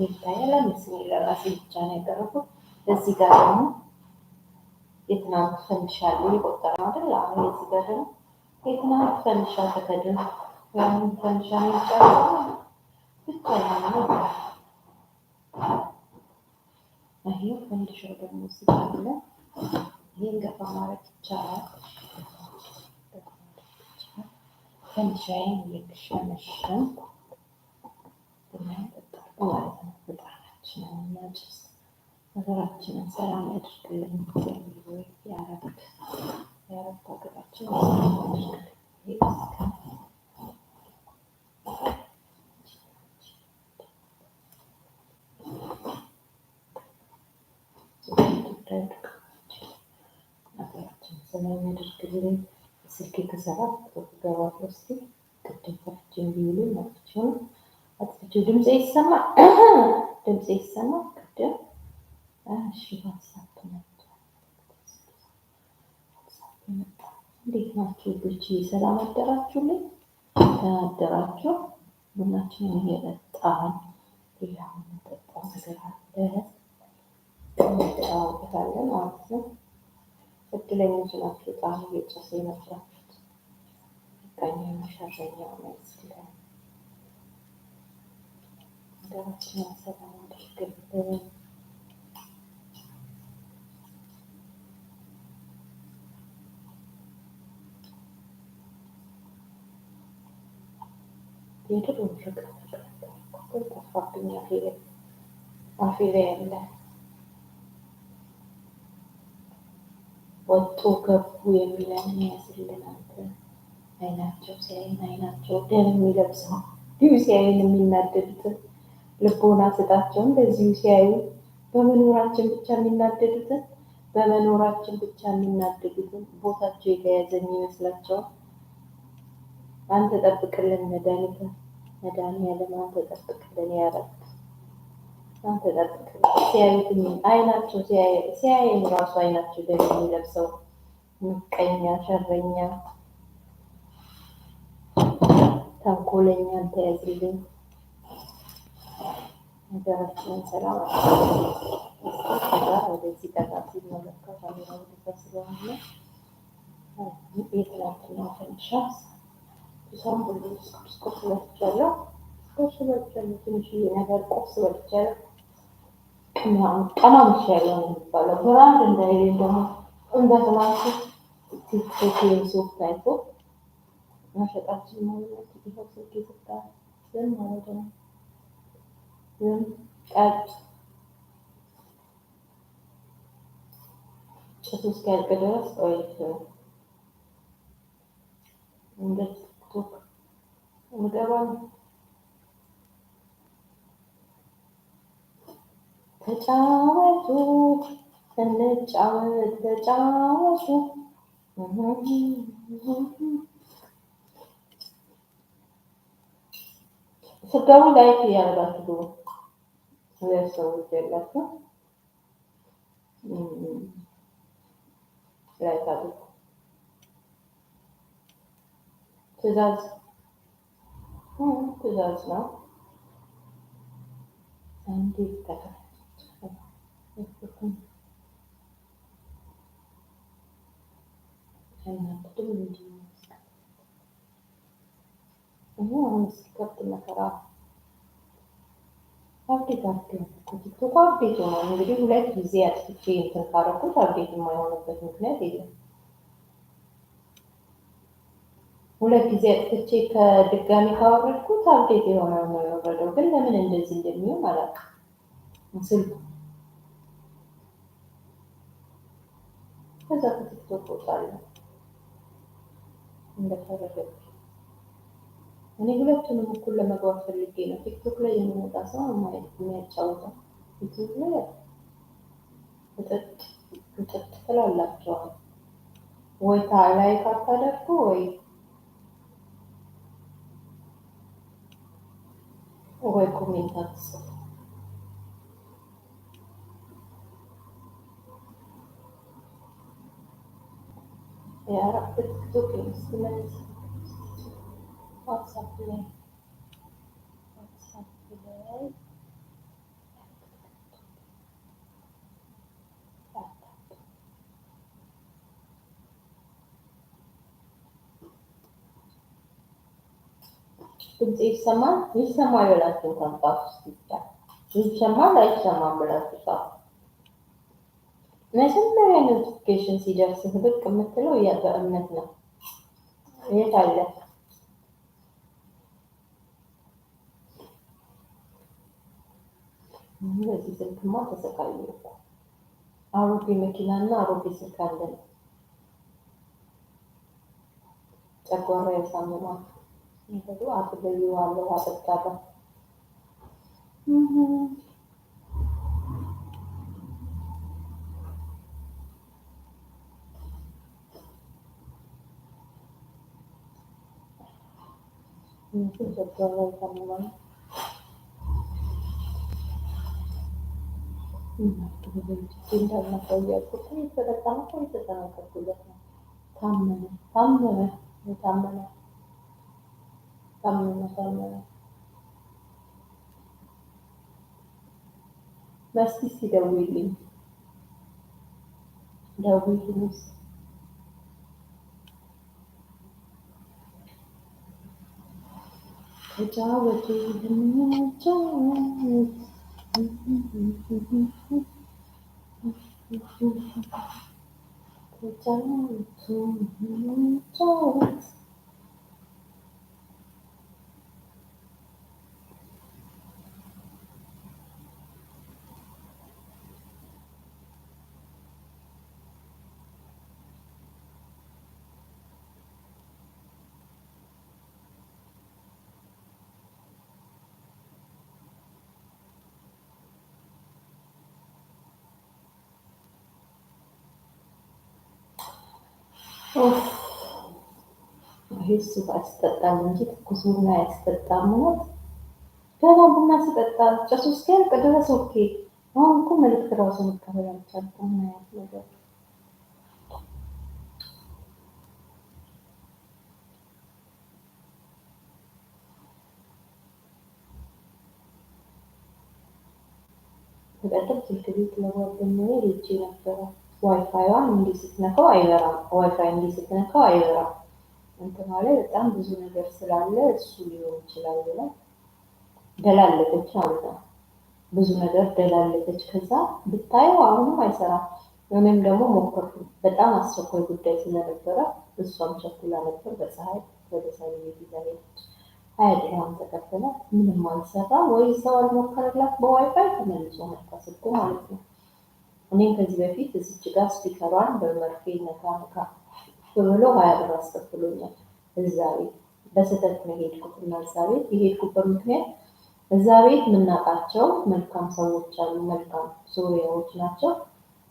ምስል ይታያል። አንድ ስኒ ለራሴ ብቻ ነው ያደረኩት። እዚህ ጋር ደግሞ የትናንት ፈንድሻ አለ የቆጠረ አይደል? አሁን እዚህ ጋር ደግሞ የትናንት ፈንድሻ ተከድን ያንን ፈንድሻ ነው ይጫለ ብቻ ያለው ይሄ ፈንድሻው ደግሞ እዚህ ጋር ገፋ ማድረግ ይቻላል። ፈንድሻዬን እየተሸመሸምኩ መንገድ ሀገራችንን ሰላም ያድርግልን። የአረብ የአረብ ሀገራችን ሰላም ያድርግልን። ስልክ የተሰራ ገባ ውስጥ ግድባችን ድምፅ ይሰማ ድምፅ ይሰማ ግን እሺ ዋትሳፕ መጣ እንዴት ናችሁ ልጆች? ሰላም አደራችሁልኝ? እየጠጣን ነገር አለ እንጫወታለን ማለት ነው። እድለኞች ናችሁ። ጣም እየጨሰ ነው ሀገራችንን ሰላም አድርግልን። የድሮ ፍቅር ጠፋብኝ አፌ ላይ ያለ ወጡ ገቡ የሚለን ያዝልን አንተ አይናቸው ሲያይን አይናቸው ደም የሚለብሰው ዲሁ ሲያይን የሚናደዱትን ልቦና ስጣቸው። እንደዚሁ ሲያዩ በመኖራችን ብቻ የሚናደዱትን በመኖራችን ብቻ የሚናደዱትን ቦታቸው የተያዘ የሚመስላቸውን አንተ ጠብቅልን መድኃኒት መድኃኒዓለም አንተ ጠብቅልን ያረብ አንተ ጠብቅልን። ሲያዩት አይናቸው ሲያየን ራሱ አይናቸው ደግሞ የሚለብሰው ምቀኛ፣ ሸረኛ፣ ተንኮለኛ አንተ ያዝልን። ሀገራችንን ሰላም አዛ ወደዚህ ጠጋ ሲል መለከት ስለሆነ የትናንትና ፈንሻ እሷም ቁርስ ቁርስ በልቻለሁ። ቁርስ በልቻለሁ። ትንሽዬ ነገር ቁርስ በልቻለሁ። ቀማም ይሻለው የሚባለው ብራንድ እንዳይሌል ደግሞ እንደ ትናንቱ ቲክቶክን ሱቅ ታይቶ መሸጣችን ማለት ይኸው ስልክ ይፍታ ማለት ነው ጠጡ። ጭሱ እስኪያልቅ ድረስ ቆይቶ እንደ ቲክቶክ እንገባ ተጫወቱ እንጫወት ተጫወቱ ስገቡ ላይክ እያደረጋችሁ ለሰዎች ያላቸው ላይ ታሪክ ትእዛዝ ትእዛዝ ነው። እንዴት ተከናናትም እንዲህ አሁን ሲከብድ መከራ አብዴት አብዴት ቲክቶክ አብዴት ሆነ እንግዲህ ሁለት ጊዜ አጥፍቼ እንትን ካረኩት አብዴት የማይሆንበት ምክንያት የለም። ሁለት ጊዜ አጥፍቼ ከድጋሚ ካወረድኩት አብዴት የሆነ ነው ግን ለምን እንደዚህ እንደሚሆን አላውቅም። ስልኩ ከዛ ከቲክቶክ ወጣለሁ እንደፈረደብኝ እኔ ሁለቱንም እኩል ለመግባት ፈልጌ ነው። ቲክቶክ ላይ የሚመጣ ሰው የሚያጫውተው ዩቱብ ላይ ውጥጥ ውጥጥ ትላላቸዋል። ወይ ላይ ካታደርጉ ወይ ወይ ኮሜንት አትጽፉ። የአረብ ቲክቶክ ኢንስትመንት ዋትሳፕ ላይ ዋትሳፕ ላይ ድምጽ ይሰማል ይሰማል ብላችሁ ይሰማል አይሰማም ብላችሁ ጻፉ። መጀመሪያ ኖቲፊኬሽን ሲደርስህ ብቅ የምትለው በእምነት ነው። የት በዚህ ስልክማ ተሰቃዩ እኮ አሮጌ መኪናና አሮጌ ስልክ ነው። ጨጓራ ያሳምማል። ይሄዱ አትበዩ ዋለው አጠጣለ ጨጓራ ያሳምማል። चिंतन न करिए कुछ नहीं करता ना कोई करता ना कर कुछ ना थाम मैंने थाम मैंने ये थाम मैंने थाम मैंने थाम मैंने Merci si the willing. The Mm-hmm. እሱ አያስጠጣም እንጂ ትኩስ ቡና አያስጠጣም። እውነት ገና ቡና ስጠጣ ጭሱ እስኪያልቅ ድረስ ኦኬ። አሁን እኮ መልዕክት ራሱ መቀበል አልቻልኩም። ያት ነገር በቀጥል ስልክ ቤት ለጓደኛዬ ሄጄ ነበረ ዋይፋይ ዋን እንዲህ ስትነካው አይበራም፣ ዋይፋይ እንዲህ ስትነካው አይበራም። እንትኗ ላይ በጣም ብዙ ነገር ስላለ እሱ ሊሆን ይችላል ብላ ደላለተች ማለት ነው። ብዙ ነገር ደላለተች። ከዛ ብታየው አሁንም አይሰራም። እኔም ደግሞ ሞከርኩ፣ በጣም አስቸኳይ ጉዳይ ስለነበረ እሷም ቸኩላ ነበር። በፀሐይ ወደ ሳሚት ሄደች። ሀያ ድርሃም ምንም አልሰራ ወይ ሰው አልሞከረላት። በዋይፋይ ተመልሶ መጣ ስልኩ ማለት ነው። እኔም ከዚህ በፊት እዚች ጋር ስፒከሯን በመርፌ ነካ ነካ ብሎ ሀያ ብር አስከፍሎኛል። እዛ ቤት በስህተት ነው የሄድኩት እና እዛ ቤት የሄድኩበት ምክንያት እዛ ቤት የምናውቃቸው መልካም ሰዎች አሉ፣ መልካም ሶሪያዎች ናቸው።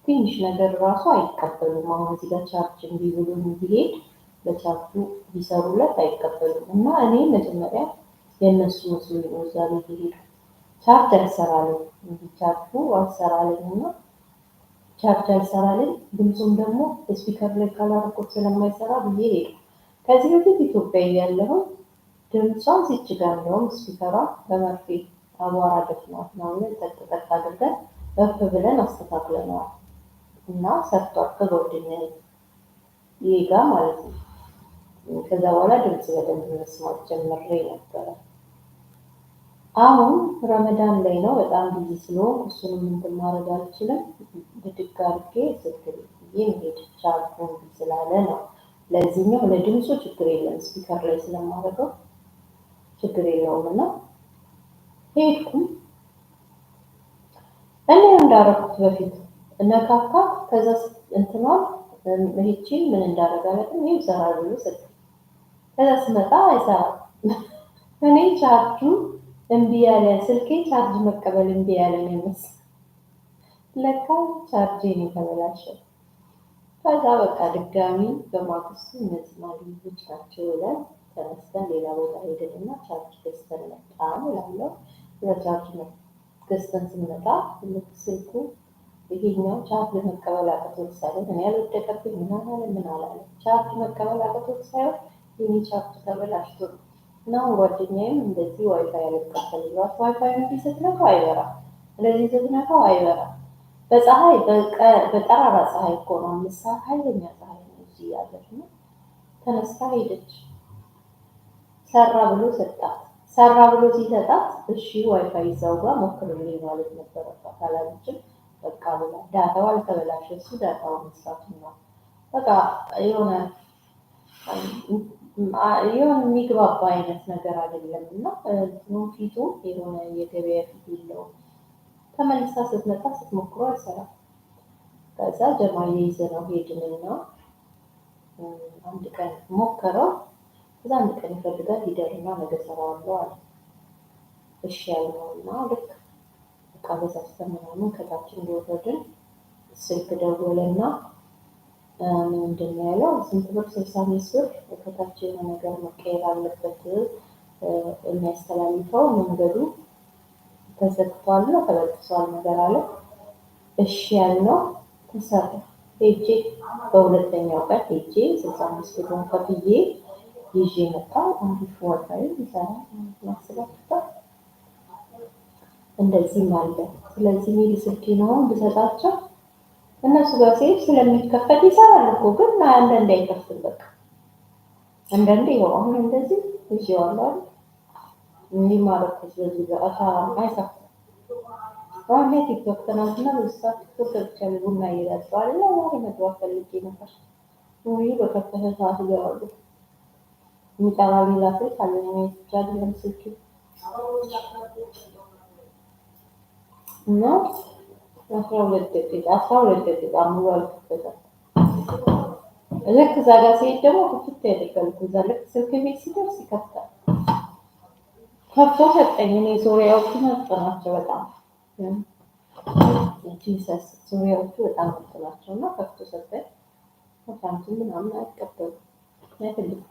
ትንሽ ነገር ራሱ አይቀበሉም። አሁን እዚህ ጋር ቻርጅ እንዲህ ብሎ እንዲሄድ በቻርጁ ቢሰሩለት አይቀበሉም እና እኔ መጀመሪያ የእነሱ መስሎኝ ነው እዛ ቤት የሄድኩት። ቻርጅ አልሰራለኝ እንዲህ ቻርጁ አልሰራለኝ እና ቻርጅ አይሰራልን ድምፁም ደግሞ ስፒከር ላይ ካላረኩት ስለማይሰራ ብዬ ሄደ። ከዚህ በፊት ኢትዮጵያ እያለሁ ድምጿን ሲች ጋር እንደውም ስፒከሯ በመርፌ አቧራ ደፍናት ነው ጠጥጠጥ አድርገን እፍ ብለን አስተካክለነዋል እና ሰርቷል። ከጎድን ይጋ ማለት ነው። ከዛ በኋላ ድምፅ በደንብ መስማት ጀምሬ ነበረ። አሁን ረመዳን ላይ ነው በጣም ቢዚ ስለሆን እሱንም እንትን ማድረግ አልችልም። ብድግ አድርጌ ስትል ብዬ መሄድ ቻልኩ ስላለ ነው። ለዚህኛው ለድምፁ ችግር የለም፣ ስፒከር ላይ ስለማደርገው ችግር የለውም እና ሄድኩም እኔ እንዳረኩት በፊት ነካካ ከዛ እንትኗል ሄቺ ምን እንዳረጋለትም ይህ ሰራ ብሎ ስል ከዛ ስመጣ አይሰራ እኔ ቻርጁ እምቢ ያለ ስልኬ ቻርጅ መቀበል እምቢ ያለ ይመስል ለካ ቻርጄ ነው የተበላሸው። ከዛ በቃ ድጋሚ በማግስቱ እነዚህን አግኝቶች ናቸው ብለን ተነስተን ሌላ ቦታ ሄድንና ቻርጅ ገዝተን መጣን እላለሁ። ለቻርጅ ገዝተን ስንመጣ ስልኩ ይሄኛው ቻርጅ መቀበል አቅቶት ሳይሆን እኔ ያልወደቀብኝ ምን አላለ ምን አላለ ቻርጅ መቀበል አቅቶት ሳይሆን ይህ ቻርጅ ተበላሽቶ ነው እና ጓደኛዬም እንደዚህ ዋይፋይ ያልቀበል ይሏት ዋይፋይ እንዲህ ስትነካው አይበራም፣ ስለዚህ ስትነካው አይበራም። በፀሐይ በጠራራ ፀሐይ እኮ ነው። አንበሳ ኃይለኛ ፀሐይ ነው እዚህ ያለች ነው። ተነስታ ሄደች። ሰራ ብሎ ሰጣት። ሰራ ብሎ ሲሰጣት እሺ ዋይፋይ እዛው ጋር ሞክርልኝ ማለት ነበረባት። አላለችም። በቃ ብላ ዳታው አልተበላሸ እሱ ዳታው መስራቱ ነው። በቃ የሆነ የሆነ የሚግባባ አይነት ነገር አይደለም እና ፊቱ የሆነ የገበያ ፊት የለውም ተመልሳ ስትመጣ ስትሞክሮ አይሰራም። ከዛ ጀማዬ ይዘነው ሄድንና አንድ ቀን ሞከረው። ከዛ አንድ ቀን ይፈልጋል ሂደርና ነገ ሰራዋለሁ አለ። እሺ ያልነውና ልክ እቃ ገዛዝተን ምናምን ከታች እንደወረድን ስልክ ደወለና ምንድን ነው ያለው? ስንት ብር? ስልሳ አምስት ብር ነገር መቀየር አለበት የሚያስተላልፈው መንገዱ ተዘግቷል ነው ተበጥሷል ነገር አለ። እሺ ያልነው ተሰራ። ሄጄ በሁለተኛው ቀን ሄጄ ስልሳ አምስት ብሩን ከፍዬ ይዤ መጣሁ። አንዲሽ ወጣዊ ይሰራ ማስበታ እንደዚህም አለ። ስለዚህ ሚል ስልክ ነው ብሰጣቸው እነሱ ጋር ሲሄድ ስለሚከፈት ይሰራል እኮ ግን አንዳንዴ አይከፍትም። በቃ አንዳንዴ ይኸው አሁን እንደዚህ ይዤዋለሁ ይህ ማለት ስለዚህ በአሳም ቲክቶክ ትናንትና በሳት ቲክቶክ ቡና እየጠጣሁ እና ዛሬ መግባት ፈልጌ ነበር። ውይ በከፈተ ሰዓት ይገባሉ። የሚጠራ ሌላ ስልክ አለኝ ብቻ አይደለም እና አስራ ሁለት ደቂቃ አስራ ሁለት ደቂቃ ሙሉ አልከፈተም። ልክ እዛ ጋር ሲሄድ ደግሞ ክፍት ያደርጋል። እዛ ልክ ስልክ ቤት ሲደርስ ይከፍታል። ከፍቶት ዘጠኝን የዙሪያዎቹ መርጥ ናቸው። በጣም የጂሰስ ዙሪያዎቹ በጣም መርጥ ናቸው እና ከፍቶ ሰጠኝ ምናምን አይቀበሉ ትልቅ